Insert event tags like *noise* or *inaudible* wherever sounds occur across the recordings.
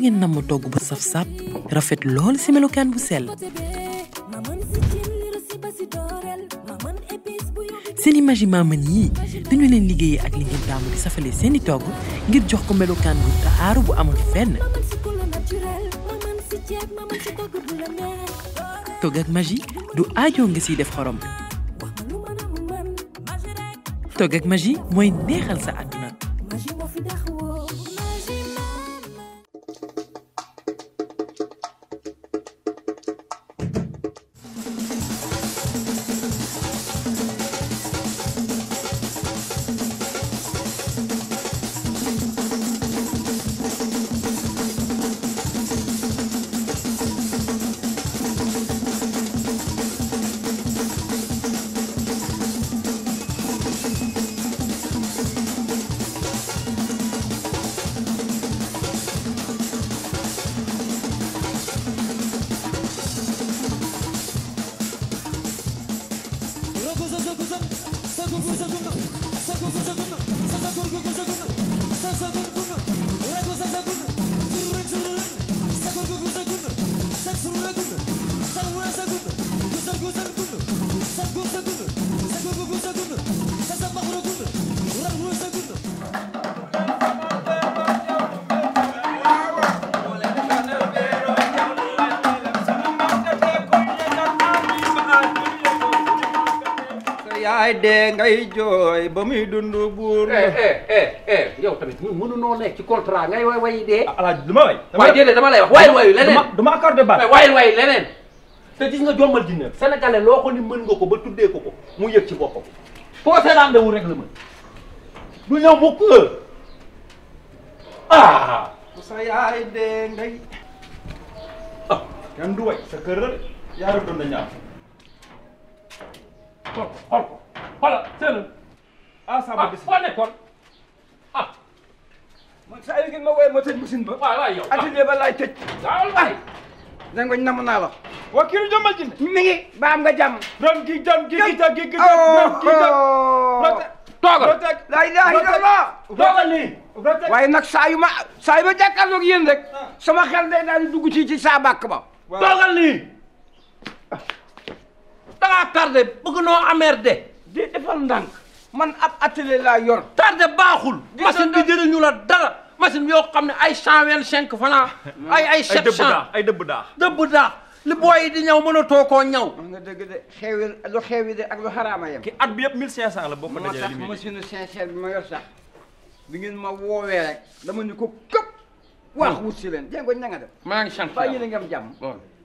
ngeen namm togg bu saf sàpp rafet lool ci melokaan bu sell. seeni magi maaman yii dañu leen liggéeyee ak li ngeen taamu di safalee seeni togg ngir jox ko melokaan bu taaru bu amul fenn. togg ak magi du aajoo nga siy def xorom. togg ak magi mooy neexal sa at. yaay dee ngay jooy ba muy dund buur la. Eh, eh, eh, yow tamit mënuñoo nekk ci contrat ngay way way dee. Ah, alaaji du ma way. waaye déedéet dama lay wax waayil waayil leneen dama dama accordé baat. waayil waayil leneen. te gis nga jommal jinne sénégalais loo ko ni mën nga ko ba tuddee ko ko mu yëg ci boppam. foo seetaan wu rek la mën. du ñëw mukk ah. sa yaay dee ngay. ah kenn du way sa kër la de yaa doon na ñaar. 好好 xoolal seen ensemble bis foo nekkoon ah man saa yu ngeen ma wooyee ah, ah. ma tëj machine ba waay waay yow atelier ba laay tëj daawal waay dangoñ nam naa la waa kii nu jëmmal jinne mi ngi ba am nga jàmm ram gi jam gi gi jam gi gi jam gi jam oh. toogal la ilaha illallah toogal nii waaye nag saa yu ma saa yu ma jàkkaarloog yéen rek ah. sama xel day daal di dugg ci ci saa bàkk ba toogal nii dangaa tardé bëgg noo amer de di defal ndànk man ab atelier laa yor. tardé baaxul. machine bi ñu la dara. machine bi yoo xam ne ay cent vingt cinq franc. Hmm. ay ay sept cent ay dëbb daax dëbb daax li booy yi di ñëw mënatoo koo ñaw. nga dëgg de xewi ak lu xaraama yem. ki at bi yëpp mille cinq cent la boo ko dajee moo tax machine sincère bi ma yor sax bi ngeen ma woowee rek dama ni ko këpp. waax hmm. wut si leen jéego ña nga def. maa ngi sant yàlla faa yéene ngeen jàmm.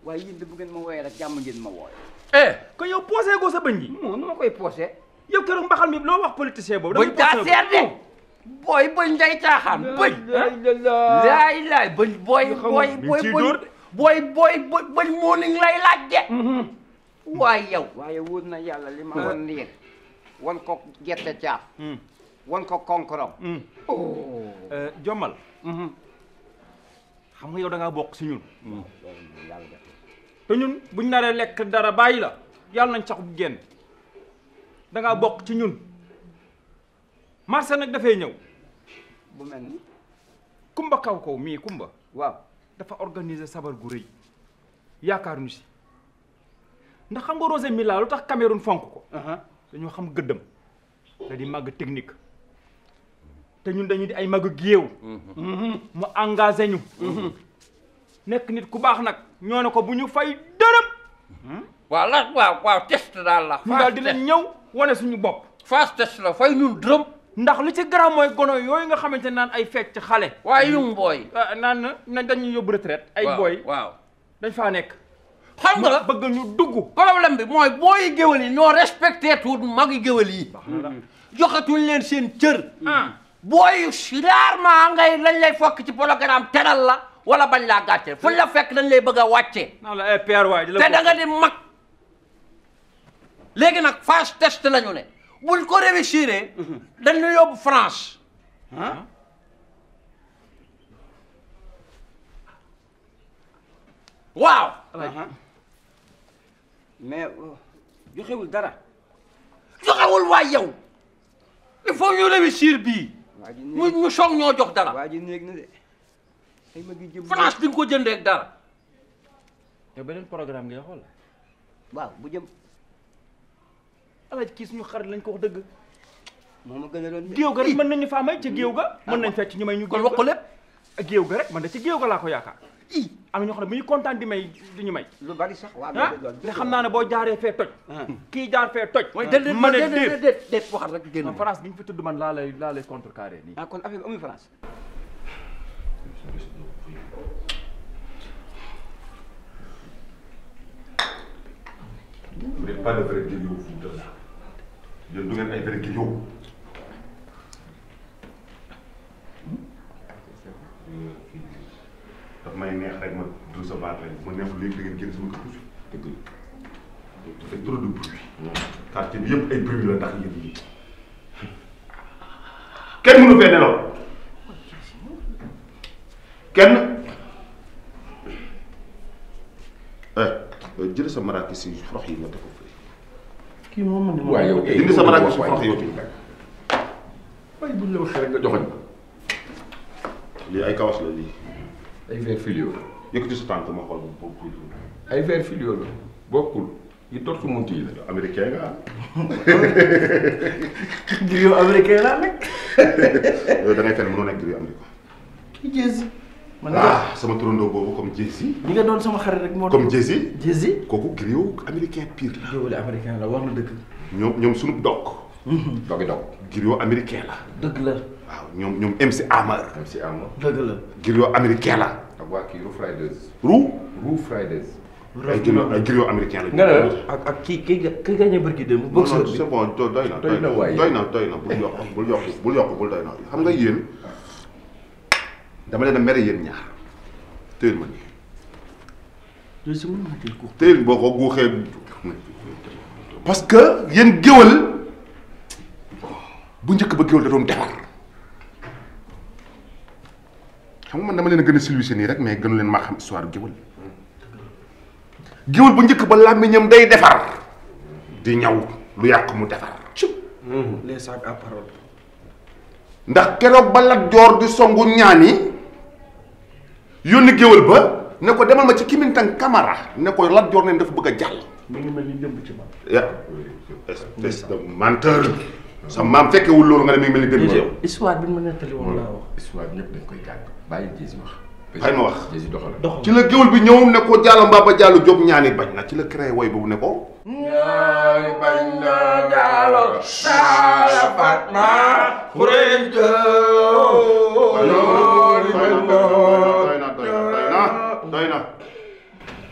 waaye yéen de bu ngeen ma wooyee rek jàmm ngeen ma wooyee. eh kon yow poosé goo sa bëñ bi. non nu ma koy poosé. yow keroog mbaxal mi loo wax politicien boobu. da nga poosé de. booy bëñ day caaxaan bëñ. laay laay bëñ booy. booy booy booy booy bëñ moo ni lay de. Mm-hmm. waaye yow. waaye wóor na yàlla li ma mm. wan nii wan ko gerte caaf. Mm. wan ko konkorom. Mm. Oh. Eh, jommal. Mm-hmm. xam nga yow da ngaa bokk si ñun. te ñun buñ naree lekk dara bàyyi la yàlla nañ sax bu génn dangaa bokk ci ñun marché nag dafay ñëw bu mel ni kumba kaw kaw mii kumba waaw dafa organiser sabar gu rëy yaakaar ñu si ndax xam nga Rose Milla lu tax Cameroun fonk ko uh-huh. dañoo xam gëddam da di màgg technique te ñun dañu di ay màgg géew mm-hmm. Mm-hmm. mu engagé ñu mm-hmm. nekk nit ku baax nag ñoo ne ko bu ñu fay dërëm. waaw laa waaw waaw test daal la. ñu daal dinañ ñëw wane suñu bopp. phase test la fay ñun dërëm. ndax li ci garam mooy gono yooyu nga xamante naan ay fecc xale. waaye yu booy. Ah, naan na dañuy yóbbu retraite. ay booy waaw dañ faa nekk. xam nga bëgg ñu dugg. problème bi mooy booy géwél yi ñoo respecté tuut mag yi géwél yi. Mm-hmm. joxatuñ leen seen cër. Ah. booy yu rarement ngay lañ lay fokk ci programme teral la. wala bañ laa gàcce fu la fekk dañ lay bëgg a wàccee eh, te da nga di mag léegi nag phase test la ñu ne buñ ko réussir dañ la yóbbu France waaw uh-huh. mais euh, joxewul dara joxewul waay yow il faut ñu réussir bii mu ñu soog ñoo jox dara waa ji néeg France bi nga ko jëndee ak dara. yow beneen programme ngay xool. waaw bu jëm alaj kii suñu xarit lañ ko wax dëgg. moom a gën a doon géew ga rek mën nañu faa may ca géew ga. mën nañ fecc ñu may ñu. kon wax lépp géew ga laa ko yaakaar. i am na ñoo xam ne bu ñu kontaan di may di ñu may. lu bari sax waaw mais ah, xam naa ne boo jaaree fee toj. Ah. kii jaar fee toj. mooy déedéet France bi ñu fi tudd man laa lay laa lay contrecarré nii. Ah, vous n'êtes pas de vrai griot vous du ngeen ay vrai griot hmm? daf may neex rek ma recevoir leen ma neexul léegi da ngeen génn sama kër dëgg la dafay trop de bruit quartier bi yëpp ay bruit la ndax yéen yi kenn mënu fee nelaw kenn eh. jël sa maraaki si frox yi nga def ko kii moom man de. waaw yow dindi sa maraaki yow tamit waaye buñ la waxee rek nga lii ay kawas la lii. ay verre filio la. yëkkati sa tànk ma xool bokkul. ay verre filio la bokkul yi tortu munti yi la. américain nga ah. *laughs* griot américain laa nekk. *laughs* da ngay fenn mënoo nekk griot américain. kii jeex. man ah sama turandoo boobu comme Jay-Z. ñi nga doon sama xarit rek moo. comme Jay-Z. Jay-Z kooku griot américain pire la. griot américain la war na dëgg. ñoom ñoom sunu dog. Mhm. dogi dog griot américain la. dëgg la. waaw ñoom ñoom MC Amar. MC dëgg la. griot américain la. ak waa kii la. ak kii kii kii gagné barki démb. boxeur bi non non c'est bon doy na. doy na doy na bul yokk bul yokk bul yokk bul doy xam nga yéen. dama leen a mere yéen ñaar téyel ma nii. téye ko. téyel boo ko guuxee parce que yéen géwal bu njëkk ba géwal da doon defar xam nga man dama leen a gën a solution nii rek mais gënu leen maa xam histoire géwal géwal bu njëkk ba làmmiñam day defar di ñaw lu yàq mu defar. ndax keroog ba Lat Joor di songu ñaan yi yónni géwal ba ne ko demal ma ci Kimintang Kamara ne ko Lat Joor ne dafa bëgg a jàll. mi ngi mel ni démb ci man. espèce de menteur. sa maam fekkewul loolu nga ne mi ngi mel ni démb yow. histoire bi ma nettali woon laa wax. histoire bi ma wax Jési doxal ci la géwal bi ñëw ne ko Diallo Mbaba Diallo Diop ñaani bañ na ci la créé woy boobu ne ko. ñaani bañ na Diallo Saala Fatma Khouré Diop. doy na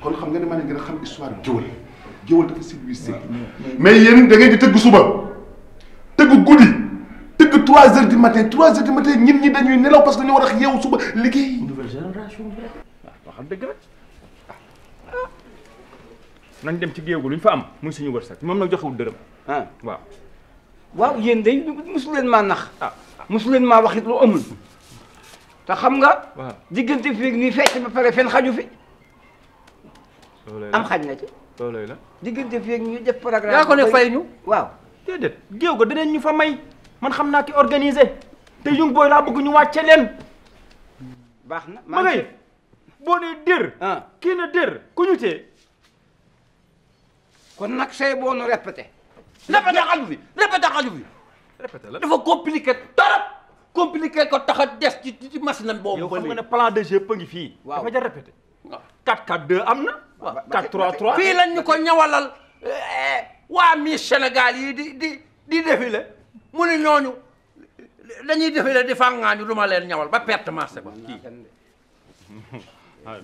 kon xam nga ne maa ngi gën a xam histoire géwël géwël dafa civilisé mais yéen da ngeen di tëgg suba tëgg guddi tëgg trois heures du matin trois heures du matin ñit ñi dañuy nelaw parce que ñu war a yeewu suba liggéey. nouvelle génération bi waaw xam dëgg rek ah. nañ dem ci géew gu lu ñu fa am muy suñu wërsëg moom nag joxewul dërëm ah waaw waaw yéen day mosu leen maa nax ah mosu leen maa wax it lu amul te xam nga. waaw diggante fii nii fecc ba pare fen xaju fi. am xaj na ci. loolay la diggante fii ñu def programme. yaa ko ne fay ñu waaw. déedéet géew ga dinañ ñu fa may man xam naa ki organise te yu booy laa bëgg ñu wàcce leen. baax na ma ngay boo nee dër. Ah. kii na dër ku ñu tee. kon nag say boo nu répété. répété xaju fi répété xaju fi. répété la dafa compliqué torop. compliqué ko tax a des ci ci machine boobu. yow xam nga plan de jeu fii. waaw dafa jar am na. waaw 4 3 3. fii lañ ñu ko ñawalal eh, waa mi Sénégal yi di di di défilé mu ne ñooñu dañuy défilé di fàngaanju du ma leen ñawal ba perte marché ba kii. *laughs* ah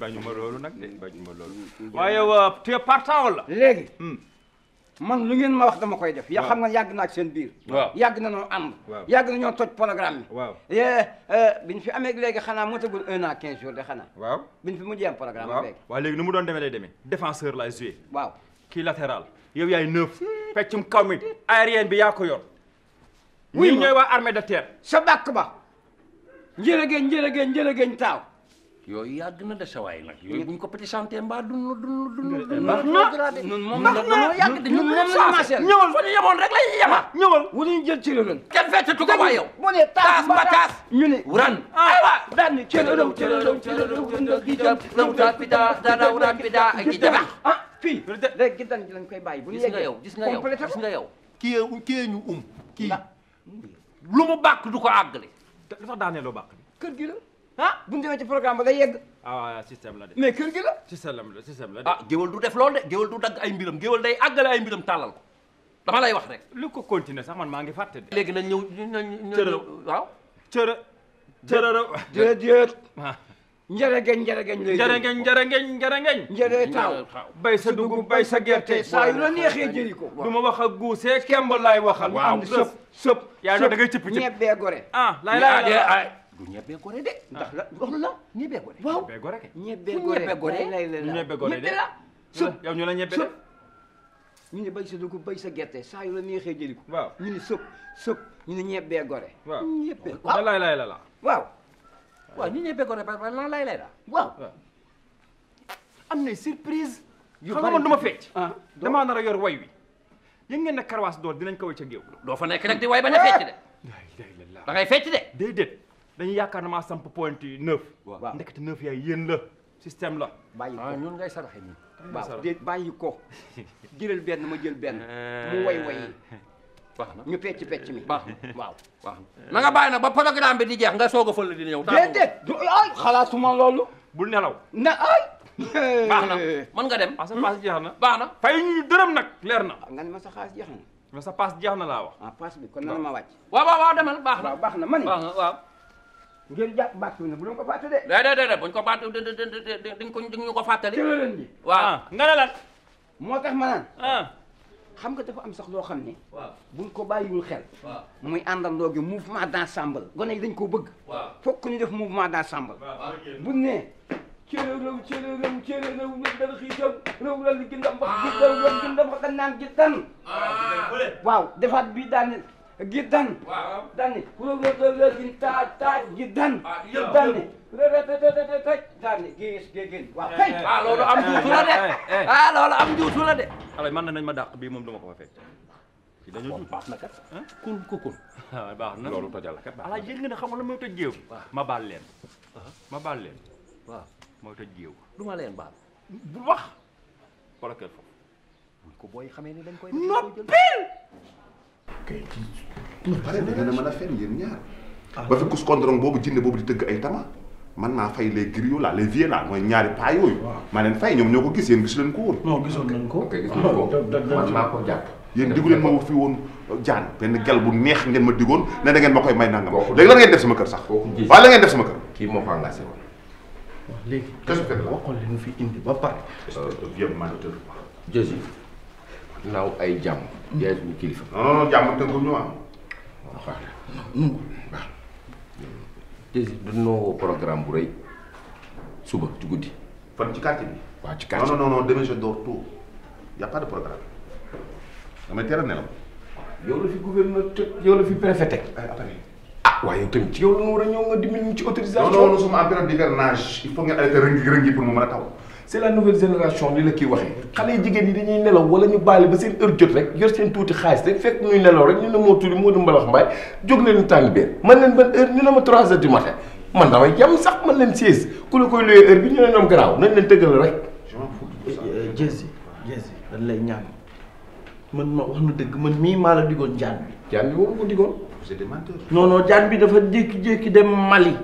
bañu ma loolu nag de bañu ma loolu. waaye yow euh, tu es partant man lu ngeen ma wax dama koy def yaa xam nga yàgg naa ak seen biir waaw yàgg na noo ànd yàgg na ñoo toj programme bi waaw eh, eh, biñ fi amee léegi xanaa motagul un an quinze jours de xanaa waaw biñ fi mujjee am programme bi léegi waaw léegi nu mu doon demee lay demee défenseur lay joué waaw kii latéral yow yaay neuf peccum kaw mi bi yaa ko yor ñii ñooy waa armée de ba sa bàkk ba njërëgéen njërëgéen njërëgéen taaw yooyu yàgg na de sawaay nag yooyu buñ ko présenté mbaa dunu dunu dunu baax na ñun moom la dañoo yàgg de ñun moom la maaseel ñëwal fa ñu yemoon rek la ñuy yema ñëwal wu ñu jël ci réew kenn feccatu ko waay yow mu ne taas ba taas ñu ne wuran aywa daan ni cërëlëw cërëlëw cërëlëw cërëlëw gi jëm raw daa bi daa daa raw daa bi daa ak gi jëm ah fii rek gi dan gi lañ koy bàyyi bu ñu gis nga yow gis nga yow gis nga yow kii kii ñu um kii lu mu bàkk du ko àggale dafa daanee loo bàkk bi kër gi la ah bu ñu demee ci programme ba day yegg. ah système la de. mais kër gi la. système la système la de. ah géwal du def loolu de géwal du dagg ay mbiram géwal day àggale ay mbiram tàllal ko dama lay wax rek. lu ko continuer sax man maa ngi fàtte de. léegi nañ ñëw nañ ñëw cërë waaw. cërë cërë. déedéet. Ah. njërëgeñ njërëgeñ lay njërëgeñ njërëgeñ njërëgeñ njëree taaw bay sa dugub bay sa gerte saa yu la neexee jëri ko du ma wax ak guusee kemb laay waxal am sëp sëp yaa da ngay cëpp cëpp ñebee gore ah lay lay ah, du ñebe gore de. ndax la loolu la ñebe gore. waaw ñebe gore kay. ñebe gore ñebe gore ñebe gore de la. su yow ñu la ñebe de. ñu ne bay sa dugub bay sa gerte saa yu la neexee jëli ko. waaw ñu ne sëb sëb ñu ne ñebe gore. waaw ñebe gore waaw lay lay la la. waaw waaw ñu ñebe gore ba la lay lay la waaw. am na surprise. yu bari xam nga man du ma fecc. Ah. Ah. damaa nar a yor way wi. yéen ngeen ne karawaas door dinañ ko wëcc ak yow. doo fa nekk nag di way ba ne fecc de. Ah. da ngay fecc de. déedéet. dañuy yaakaar ne maa samp point neuf. waaw ndekete neuf yaay yéen la système la. bàyyi ah, ko ko. *laughs* jëlal ma jël benn. Eh. mu way na ñu pecc pecc mi baax na waaw. baax na na nga bàyyi nag ba programme bi di jeex nga soog a fël di ñëw. déedéet du ay xalaatuma loolu. bul nelaw na ay. *laughs* baax na mën nga dem. ah sa paas jeex na hmm? baax na. fay ñu dërëm nag leer na. nga ne ma sa xaas jeex na. ma sa paas jeex na laa wax. ah paas bi kon nan ma wàcc. waaw waaw waaw demal baax na baax ngeen jàpp baat bi nag bu doon ko fàtte de. déedéet déedéet buñ ko baat di di ko di ñu ko fàttali. tëralan ji waaw ah, nga ne lan. moo tax ma naan. Ah. xam nga dafa am sax loo xam ne. waaw buñ ko bàyyiwul xel. waaw muy àndandoo gi mouvement d'ensemble. gone yi dañ koo bëgg. waaw fokk ñu def mouvement d'ensemble. bu nee. cërë réew cërë réew cërë réew ñëpp dana xii jëm réew la li gindam wax gi réew la gindam wax naan gi tan ah. waaw defaat bii daane جدا دني تاج تاج جدا دني dani gis gégin waaw kay ah loolu am juutu la de ah loolu am juutu la de alay man nañ ma dàq bii moom duma ko fa fekk ci dañu baax na kat kun ku kun baax na loolu tojal la kat ala yéen nga ne xam nga la mooy toj géew ma baal leen ma baal leen waaw mooy toj géew du ma leen baal bul wax wala kër foofu buñ ko booy xamee ni dañ koy noppil a mën a fen yéen ñaar ah. ba fi kus kondorong boobu jinne boobu di tëgg ay tama man maa fay les griots là les vieux là mooy ñaari paa yooyu maa leen fay ñoom ñoo ko gis yéen gis leen ko woon non gisoon ko gis nañ ko ah, man maa ko ma fi woon euh, jaan benn gel bu neex neen ma digoon ne da ngeen ma koy may nangam léegi lan ngeen def sama kër sax waaw la ngeen def sama kër kii naaw ay jàmm. yaay suñu kilifa. non non jàmm tënku ñu am. waaw xaaral waaw. te dañoo programme bu rëy suba ci guddi. fan ci quartier bi. waaw ci quartier bi non non non demain je dors tôt y a pas de programme damay teel nelaw. yow la fi gouverneur te yow la fi préfet teg. Eh, ah waaye tamit ci yow la ñu war a ñëw nga dimbali ñu ci autorisation. su non nous sommes en période d'hivernage il faut ngeen arrêté rëngi rëngi pour mu mën a taw. c'est la nouvelle génération li la kii waxee xale yi jigéen ñi dañuy nelaw wala ñu bàyyi ba seen heure jot rek yor seen tuuti xaalis rek fekk ñuy nelaw rek ñu ne moo tuuti moo di mbalax mbaay jóg leen tàng biir man leen ban heure ñu ne ma trois heures la koy looyee heure bi ñu dëgg man mii maa la digoon jaan bi. jaan ko digoon. c'est des menteurs. bi dafa jékki-jékki dem Mali.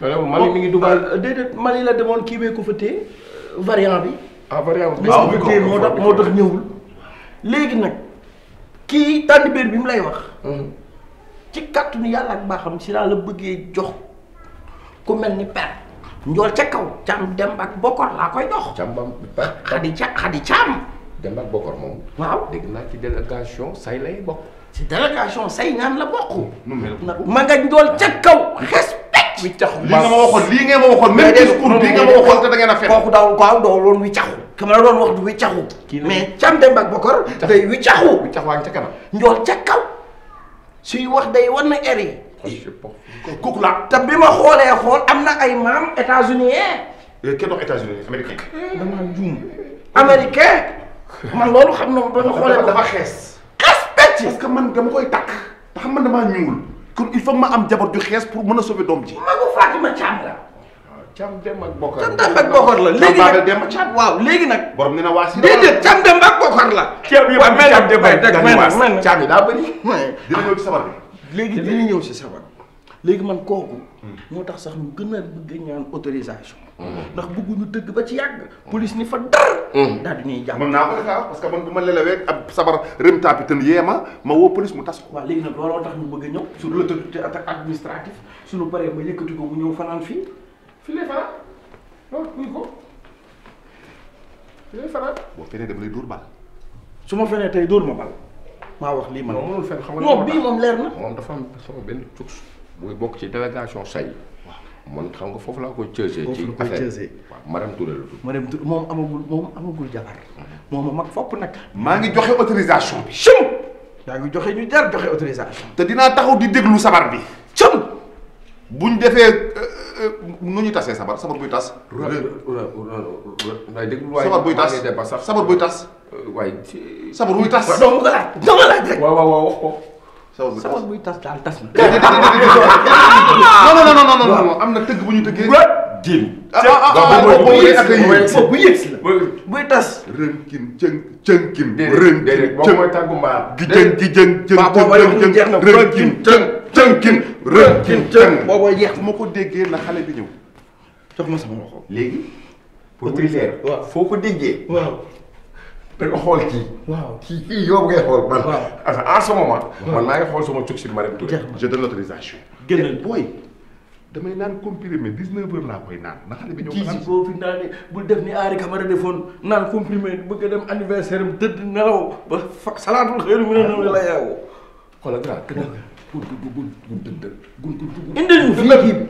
Mali mi ngi Dubaï euh, déedéet Mali la demoon kii bee ko fa téye variant bi. ah variant bi waaw ah, moo tax moo tax nag kii tànn biir bi mu lay wax. Mhm. ci kàttanu yàlla ak baaxam si laa la bëggee jox ku mel ni per. njool ca kaw càmm dem ak bokkor laa koy dox. càmm ba ba xadi ca xadi càmm. dem ak bokkor moom. waaw dégg naa ci délégation say lay bokk. ci délégation say ñaan la bokk. nu ma nga kaw wiccaxu lii nga ma waxoon ngeen ma waxoon même discours bii nga ma waxoon te da ngeen a fen kooku daaw waaw doo loon wiccaxu ka ma la doon wax du wiccaxu mais Thiam Demba ak Bokar day wiccaxu wiccaxu waa ngi ca wax day war na air yi ah, kooku laa te bi ma am na ay maam États-Unis yee eh, kenn wax États-Unis américain man loolu xam na ba ma xoolee dafa xees xees pecc parce que man dama koy takk ndax man damaa ñuul kon il faut ma am jabar ju xees pour mën a sauver doom ji. magu Fatima Thiam la. waaw ah, Thiam Demba ak Bokar. Thiam Demba ak Bokar la léegi nag waaw léegi nag. borom nee na waa si. déedéet Thiam Demba ak Bokar la. ceeb yi ba Thiam Demba la. waaw mel na mel na Thiam yi daa bëri. dina ñëw ci sabar léegi dina ñëw si sabar. léegi man kooku. Hmm. moo tax sax mu gën a bëgg ñaan autorisation. Hmm. ndax bëgguñu tëgg ba ci yàgg. police ni fa dara. Hmm. daal di ñuy jàpp mën naa ko def ah, parce que man bu ma lelewee ab sabar rem taapi yee ma ma woo police mu tas ko. waaw léegi nag looloo tax ñu bëgg a ñëw sur l'autorité administrative suñu paree ba yëkkati ko bu ñëw fanaan fii fii lay fanaan loolu kuy ko fii lay fanaan. boo fenee dama lay dóor bal. su ma fenee tey dóor ma bal maa wax lii man. non mënul fen xam nga bii moom leer na. moom dafa am sama benn cuks. muy bokk ci délégation say man xam nga foofu laa koy cësee ci affaire waaw madame Touré la tudd madame Touré moom amagul moom amagul jabar mm-hmm. moom a mag fopp nag maa ngi joxe autorisation bi cëm yaa ngi joxe ñu jar joxe autorisation te dinaa taxaw di déglu sabar bi cëm buñ defee mu euh, euh, ñu tasee sabar sabar buy tas day déglu waay sabar buy tas sabar buy tas euh, sabar buy tas doo ma ko laaj doo ma rek sabab bi sabab buy tas daal tas na. non non non non non am na tëgg bu ñu tëggee. jéem ah ah ah, ah bu yëg la buy tas. rënkin cën cënkin. déedéet déedéet moom mooy tàggu mbaar. gi jën gi jën jën jën jën rënkin cën cënkin. rënkin cën booboo jeex ma ko déggee na xale bi ñëw jox ma sama loxo léegi. pour muy leer waaw foo ko déggee. waaw. da nga xool kii. waaw kii kii yow ngay xool man. en man maa ngi xool sama cuk si Marème Touré. je donne l'autorisation. gënal booy. damay naan comprimé 19 heures laa koy naan. na xale bi ñëw kii si boo fi naanee def ni aari Camara defoon naan comprimé bëgg a dem anniversaire am tëdd nelaw ba fa salaatul xëy na mu ne la yeewoo. xoolal gannaaw gannaaw gul gul gul gul dëndal gul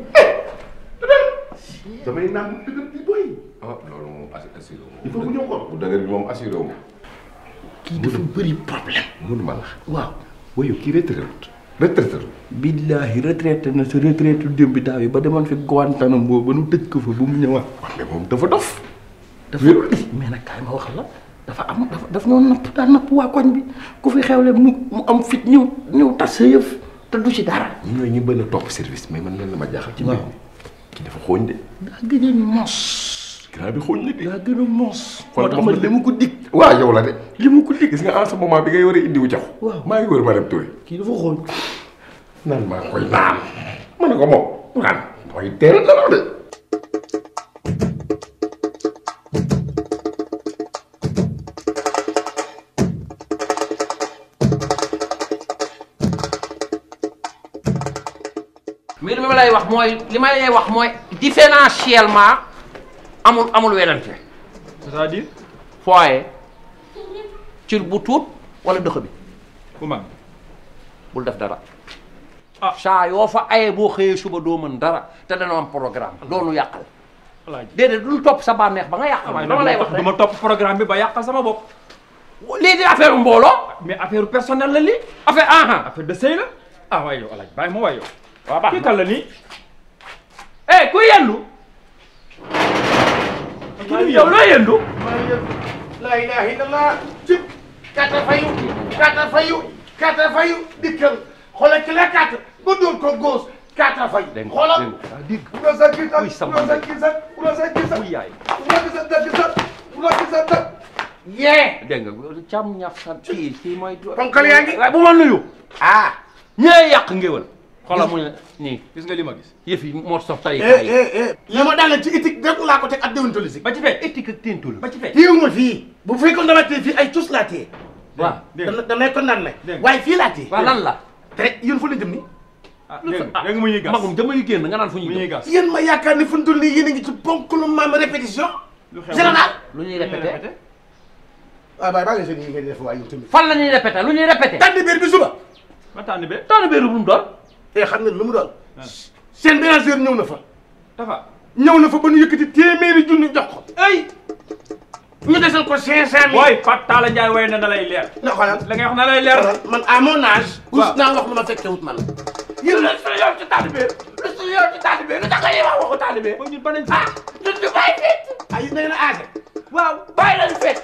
damay naan bu dëgër di boy. ah loolu moom assuré wu ma. il faut que ñëw ko bi moom assuré kii dafa bëri problème. mënu ma la waaw. wayu kii retraité retraité. billaahi retraité na sa retraité démb daaw yi ba demoon fi Guantanamo ba nu tëj ko fa ba mu ñëwaat. wax dafa dof. dafa nag kaay ma wax la. dafa am dafa daf ñoo napp daa napp waa koñ bi ku fi xewle mu mu am fit ñëw ñëw tas sa yëf te du ci dara. ñooñu ñu bëgg a topp service mais man lan la ma jaaxal. ci mbir kii dafa xooñ de. daa gën a mos. grand bi xooñ na de. daa gën a mos. moo tax ma li ma ko dig. waaw yow la de. li ma ko dig gis nga en ce moment bi ngay war a indi wu maa ngi ma dem Touré. kii dafa xooñ. naan maa koy naan. ma ne ko moom. naan mooy teel a daloo de. li ma lay wax mooy li ma wax mooy différentiellement amul amul werante c'est-à-dire foye bu tuut wala dëkk bi bu mag bul def dara ah saa yoo fa aye boo xëyee suba doo mën dara te dana am programme doonu yàqal déedéet dul topp sa bànneex ba nga yàqal dama lay wax rek du ma topp programme bi ba yàqal sama bopp lii di affaire mbooloo mais affaire personnelle la lii affaire aha ah. affaire de la ah waay yow alaaj bàyyi ma waaw baax kii kan la nii. eh kuy yendu. yow loo yendu. laa ilaaha illallaah cib kàtta fayu kàtta fayu kàtta fayu dikkal xoolal ci la kàtta ba dóor ko góos kàtta fayu. dégg nga xoolal sa kii sa sa kii sa sa kii sa yaay sa sa sa yee. dégg nga càmm ñaaf sa kii kii mooy. ponkal yaa ngi bu ma nuyu. ah ñee yàq ngéwal xoolal mu ne nii. gis nga li ma gis. yëf yi moo sof tari kaay yi. li eh, eh, eh. ma daanee ci éthique rek laa ko teg ak ba ci fee éthique ak déontologie. ba ci fee téewuma fii bu fekkoon dama tee fii ay cus laa tee. waaw dama damay waaye fii laa tee. waaw la. te yéen fu la jëm nii. Ah, magum dama yu génn nga naan fu ñuy gas. yéen ma yaakaar ne fu mu toll nii yéen a ngi ci ponk lu maam répétition. lu xew général lu ñuy répété. waaw ah, waaye fan la ñuy lu ñuy répété. tànn biir bi suba. ma tànn biir tànn te xam ngeen lu mu doon. Ah. seen ménagère ñëw na fa. dafa ñëw na fa ba ñu yëkkati téeméeri junni jox ko. ay ñu desal ko 500000. waay Pape Talla Ndiaye na da lay na xoolal la ngay wax na lay leer. man à mon âge. waaw naa wax ma fekke wut man. yéen la suñu yoon ci taalibe lu suñu yoon ci taalibe lu tax ngay wax waxu taalibe. ba ñun ba ah ñun ñu bàyyi fekk. na ngeen a aase. waaw bàyyi lañu fekk.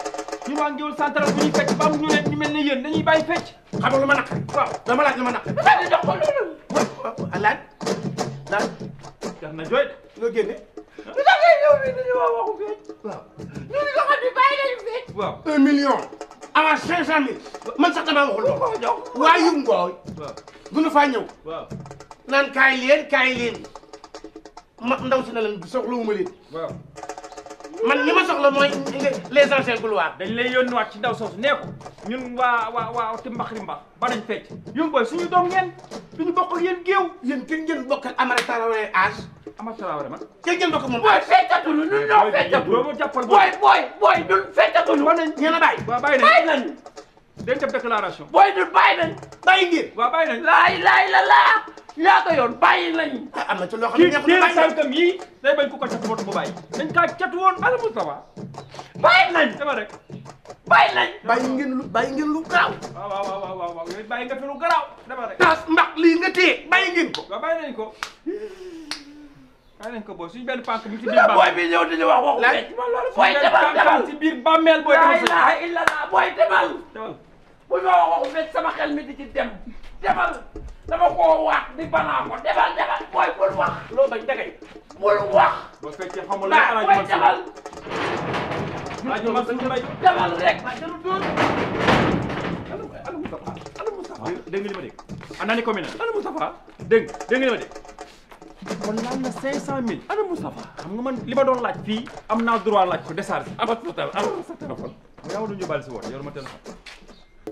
ñu waa Ngéwul central bu ñuy fekk ba am ñu ne ñu mel ne yéen dañuy bàyyi fekk. xam nga lu ma naq. waaw dama laaj ma naq. dafa di jox ko lan lan daf na jooy de génne lu tax ngay ñëw fii dañu wax waxu feeñ waaw ñu ngi doxal bi nañu feeñ un million avance cinq cent mille man sax damaa waxul loolu ñëw ngooy gunu faa ñëw waaw naan kaay leen ndaw si na leen soxlawuma leen waaw man li ma soxla mooy les anciens couloirs. dañ lay yónniwaat ci ndaw soosu ñun waa waa waa Timbax ba dañ fecc ñun booy suñu doom ngeen duñu bokk ak yéen géew. yéen kenn bokk ak Amara Traoré âge. Amara man. kenn ngeen bokk ak moom. booy feccatulu ñun ñoo feccatulu. booy booy booy ñun feccatulu. mën nañ ñeena bàyyi. waaw bàyyi nañ bàyyi dañ def déclaration. booy du bàyyi nañ bàyyi ngir. la laa yaa ko yoon bàyyi nañ. Ah, am na ci loo xam ne nekkul bàyyi nañ ko cat woon bu bàyyi. dañ kaa cat woon ala Moustapha. bàyyi nañ dama rek. bàyyi nañ bàyyi ngeen lu bàyyi ngeen lu garaaw. waaw waaw waaw waaw yooyu bàyyi nga ko. waaw bàyyi nañ ko. bàyyi nañ ko booy suñu benn pànk bi ci biir bàmmeel booy bi wax waxu. laaj bu ñu waxu fecc sama xel mi di ci dem demal dama koo wax di banaa ko demal demal mooy bul wax. loo bañ dagay bul wax. boo fekkee xamul la alaaj mooy demal. alaaj ma suñu bay demal rek. ana Moustapha ana Moustapha. dégg nga li ma dégg. ana ni commune ana Moustapha. dégg dégg nga li ma dégg. kon laal na 500000. ana Moustapha xam nga man li ma doon laaj fii am naa droit laaj ko décharge. am na sa téléphone. yow du ñu baal si woon yor ma téléphone.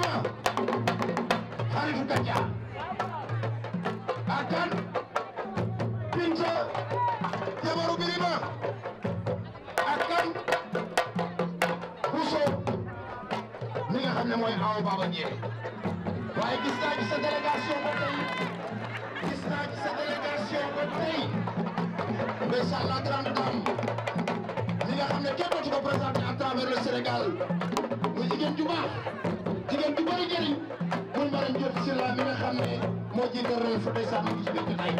xalifa xalifu Kaja akan Binta jabaru Birima akan Bousso mi nga xam ne mooy Awa Baba Ndiaye waaye gis naa ci sa délégation ba tey gis naa ci sa délégation ba tey ndeysaan la grande dame mi nga xam ne kenn dootu ko présenté à travers le Sénégal mu jigéen ju baax jigéen bu bëri njëriñ muy Maram Diop Sylla mi nga xam ne moo jiite relève fa tey sax mu ngi ci biir jotaay